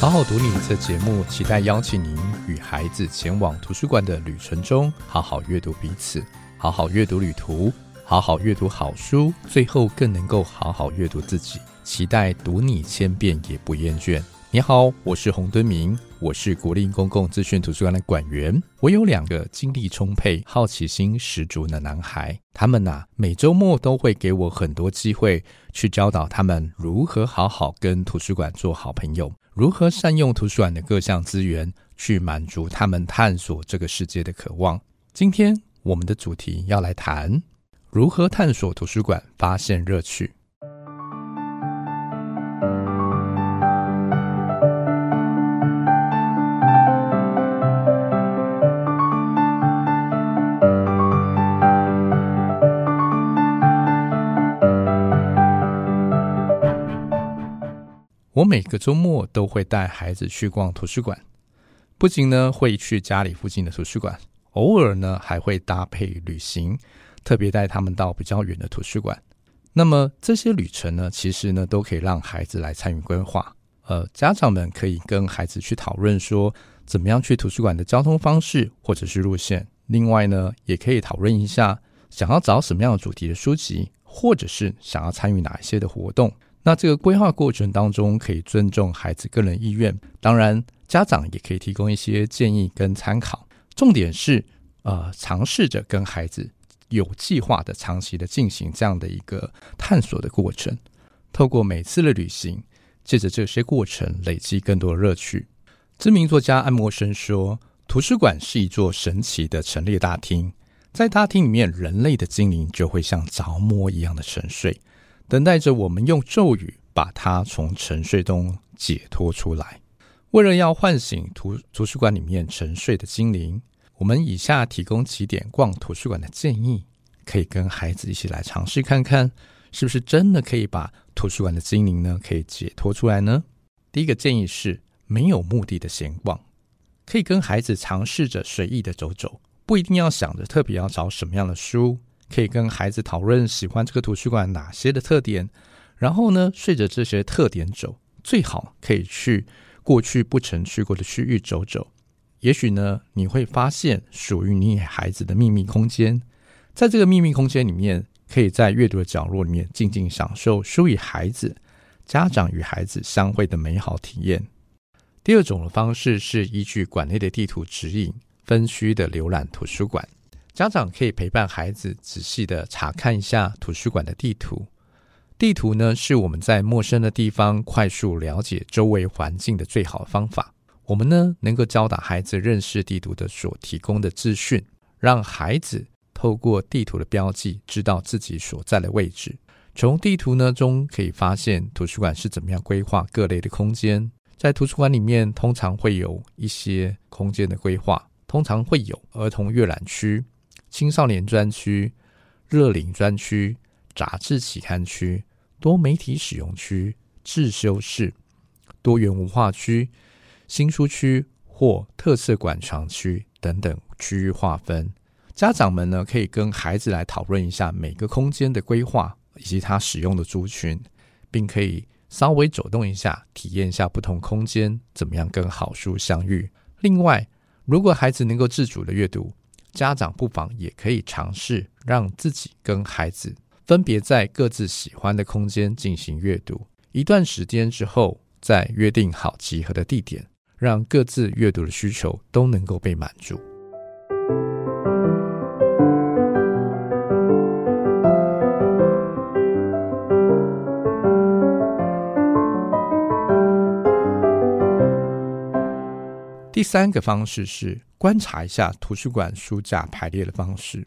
好好讀你這節目，期待邀請您與孩子前往圖書館的旅程中，好好閱讀彼此，好好閱讀旅途，好好閱讀好書，最後更能夠好好閱讀自己。期待讀你千遍也不厭倦。你好，我是洪敦明，我是國立公共資訊圖書館的館員。我有兩個精力充沛、好奇心十足的男孩，他們啊，每周末都會給我很多機會去教導他們如何好好跟圖書館做好朋友，如何善用圖書館的各項資源去滿足他們探索這個世界的渴望。今天我們的主題要來談如何探索圖書館，發現樂趣。我每個周末都會帶孩子去逛圖書館，不僅呢會去家裡附近的圖書館，偶爾呢還會搭配旅行，特別帶他們到比較遠的圖書館。那麼這些旅程呢，其實呢都可以讓孩子來參與規劃。呃，家長們可以跟孩子去討論說，怎麼樣去圖書館的交通方式或者是路線。另外呢，也可以討論一下想要找什麼樣的主題的書籍，或者是想要參與哪一些的活動。那這個規劃過程當中，可以尊重孩子個人意願，當然家長也可以提供一些建議跟參考。重點是，呃，嘗試着跟孩子有計劃的、長期的進行這樣的一個探索的過程。透過每次的旅行，借着這些過程累積更多的樂趣。知名作家愛默生說：“圖書館是一座神奇的陳列大廳，在大廳裡面，人類的精靈就會像着魔一樣的沉睡。”等待着我們用咒語把它從沉睡中解脫出來。為了要喚醒圖圖書館裡面沉睡的精靈，我們以下提供幾點逛圖書館的建議，可以跟孩子一起來嘗試看看，是不是真的可以把圖書館的精靈呢可以解脫出來呢？第一個建議是沒有目的的閒逛，可以跟孩子嘗試着隨意的走走，不一定要想着特別要找什麼樣的書。可以跟孩子討論喜歡這個圖書館哪些的特點，然後呢，順着這些特點走，最好可以去過去不曾去過的區域走走。也許呢，你會發現屬於你孩子的祕密空間，在這個祕密空間裡面，可以在閱讀的角落裡面靜靜享受書與孩子、家長與孩子相會的美好體驗。第二種的方式是依據館內的地圖指引，分區的瀏覽圖書館。家長可以陪伴孩子仔細地查看一下圖書館的地圖。地圖呢是我們在陌生的地方快速了解周圍環境的最好的方法。我們呢能夠教導孩子認識地圖的所提供的資訊，讓孩子透過地圖的標記知道自己所在的位置。從地圖呢中可以發現圖書館是怎麼樣規劃各類的空間。在圖書館裡面通常會有一些空間的規劃，通常會有兒童閱覽區。青少年專區、樂齡專區、雜誌期刊區、多媒體使用區、自修室、多元文化區、新書區或特色館藏區等等區域劃分。家長們呢，可以跟孩子來討論一下每個空間的規劃以及他使用的族群，並可以稍微走動一下，體驗一下不同空間怎麼樣跟好書相遇。另外，如果孩子能夠自主地閱讀。家長不妨也可以嘗試讓自己跟孩子分別在各自喜歡的空間進行閱讀，一段時間之後再約定好集合的地點，讓各自閱讀的需求都能夠被滿足。第三個方式是觀察一下圖書館書架排列的方式。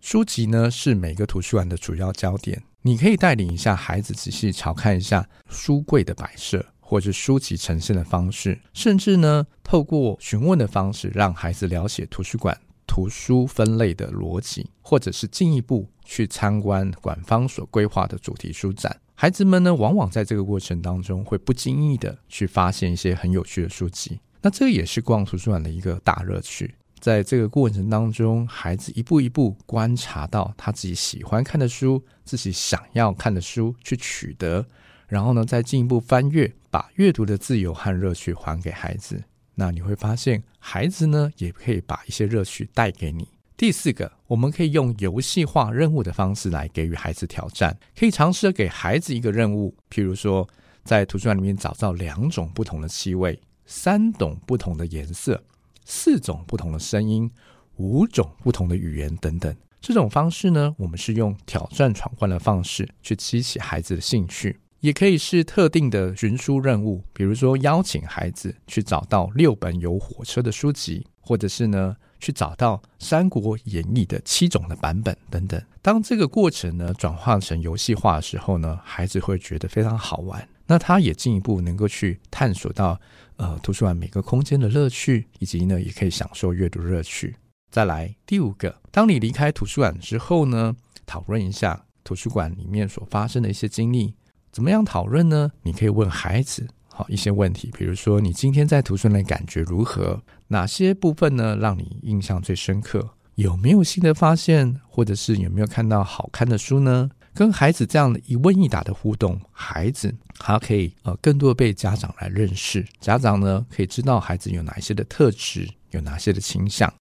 書籍呢是每個圖書館的主要焦點，你可以帶領一下孩子仔細查看一下書櫃的擺設，或者書籍呈現的方式，甚至呢透過詢問的方式，讓孩子了解圖書館圖書分類的邏輯，或者是進一步去參觀館方所規劃的主題書展。孩子們呢往往在這個過程當中會不經意地去發現一些很有趣的書籍。那這也是逛圖書館的一個大樂趣。在這個過程當中，孩子一步一步觀察到他自己喜歡看的書、自己想要看的書去取得，然後呢，再進一步翻閱，把閱讀的自由和樂趣還給孩子。那你會發現，孩子呢，也可以把一些樂趣帶給你。第四個，我們可以用遊戲化任務的方式來給予孩子挑戰，可以嘗試着給孩子一個任務，譬如說，在圖書館裡面找到兩種不同的氣味。三種不同的顏色，四種不同的聲音，五種不同的語言等等。這種方式呢，我們是用挑戰闖關的方式去激起孩子的興趣，也可以是特定的尋書任務，比如說邀請孩子去找到六本有火車的書籍，或者是呢去找到《三國演義》的七種的版本等等。當這個過程呢轉化成遊戲化的時候呢，孩子會覺得非常好玩。那他也進一步能夠去探索到，呃，圖書館每個空間的樂趣，以及呢，也可以享受閱讀樂趣。再來第五個，當你離開圖書館之後呢，討論一下圖書館裡面所發生的一些經歷。怎麼樣討論呢？你可以問孩子好一些問題，比如說你今天在圖書館感覺如何？哪些部分呢讓你印象最深刻？有沒有新的發現？或者是有沒有看到好看的書呢？跟孩子這樣的一問一答的互動，孩子還可以呃更多的被家長來認識，家長呢可以知道孩子有哪一些的特質，有哪些的傾向。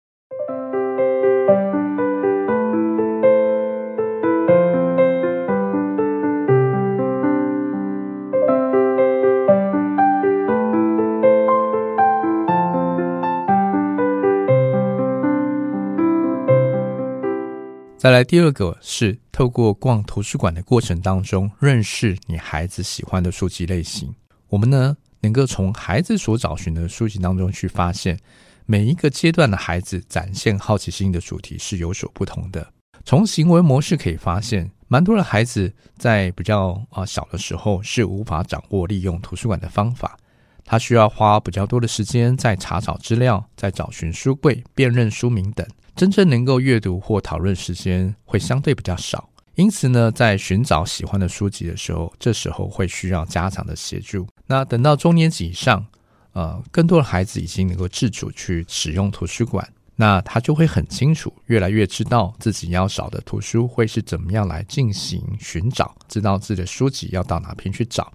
再來第二個是透過逛圖書館的過程當中，認識你孩子喜歡的書籍類型。我們呢能夠從孩子所找尋的書籍當中去發現，每一個階段的孩子展現好奇心的主題是有所不同的。從行為模式可以發現，蠻多的孩子在比較啊、呃、小的時候是無法掌握利用圖書館的方法，他需要花比較多的時間在查找資料、在找尋書櫃、辨認書名等。真正能夠閱讀或討論時間會相對比較少，因此呢，在尋找喜歡的書籍的時候，這時候會需要家長的協助。那等到中年級以上，呃，更多的孩子已經能夠自主去使用圖書館，那他就會很清楚，越來越知道自己要找的圖書會是怎麼樣來進行尋找，知道自己的書籍要到哪邊去找。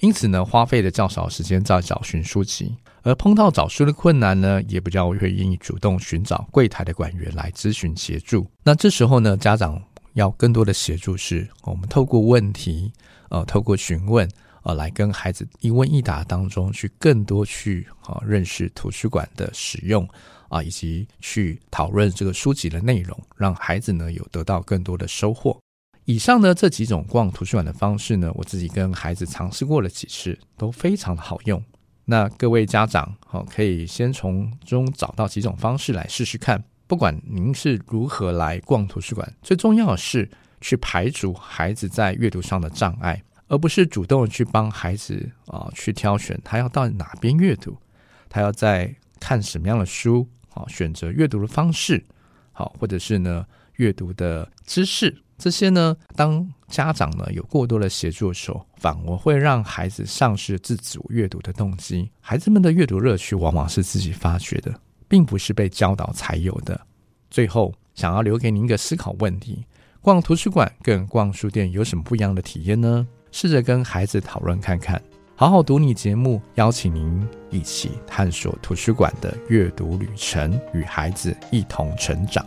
因此呢，花費的較少的時間在找尋書籍，而碰到找書的困難呢，也比較會願意主動尋找櫃台的館員來諮詢協助。那這時候呢，家長要更多的協助是，是我們透過問題，呃，透過詢問，呃，來跟孩子一問一答當中去更多去啊、呃、認識圖書館的使用啊、呃，以及去討論這個書籍的內容，讓孩子呢有得到更多的收穫。以上呢，這幾種逛圖書館的方式呢，我自己跟孩子嘗試過了幾次，都非常的好用。那各位家長好、哦，可以先從中找到幾種方式來試試看。不管您是如何來逛圖書館，最重要的是去排除孩子在閱讀上的障礙，而不是主動去幫孩子啊、哦、去挑選他要到哪邊閱讀，他要在看什麼樣的書啊、哦，選擇閱讀的方式，好、哦，或者是呢，閱讀的知識，這些呢，當家長呢有過多的協助的時候，反而會讓孩子喪失自主閱讀的動機。孩子們的閱讀樂趣往往是自己發掘的，並不是被教導才有的。最後，想要留給您一個思考問題：逛圖書館跟逛書店有什麼不一樣的體驗呢？試着跟孩子討論看看。好好讀你節目，邀請您一起探索圖書館的閱讀旅程，與孩子一同成長。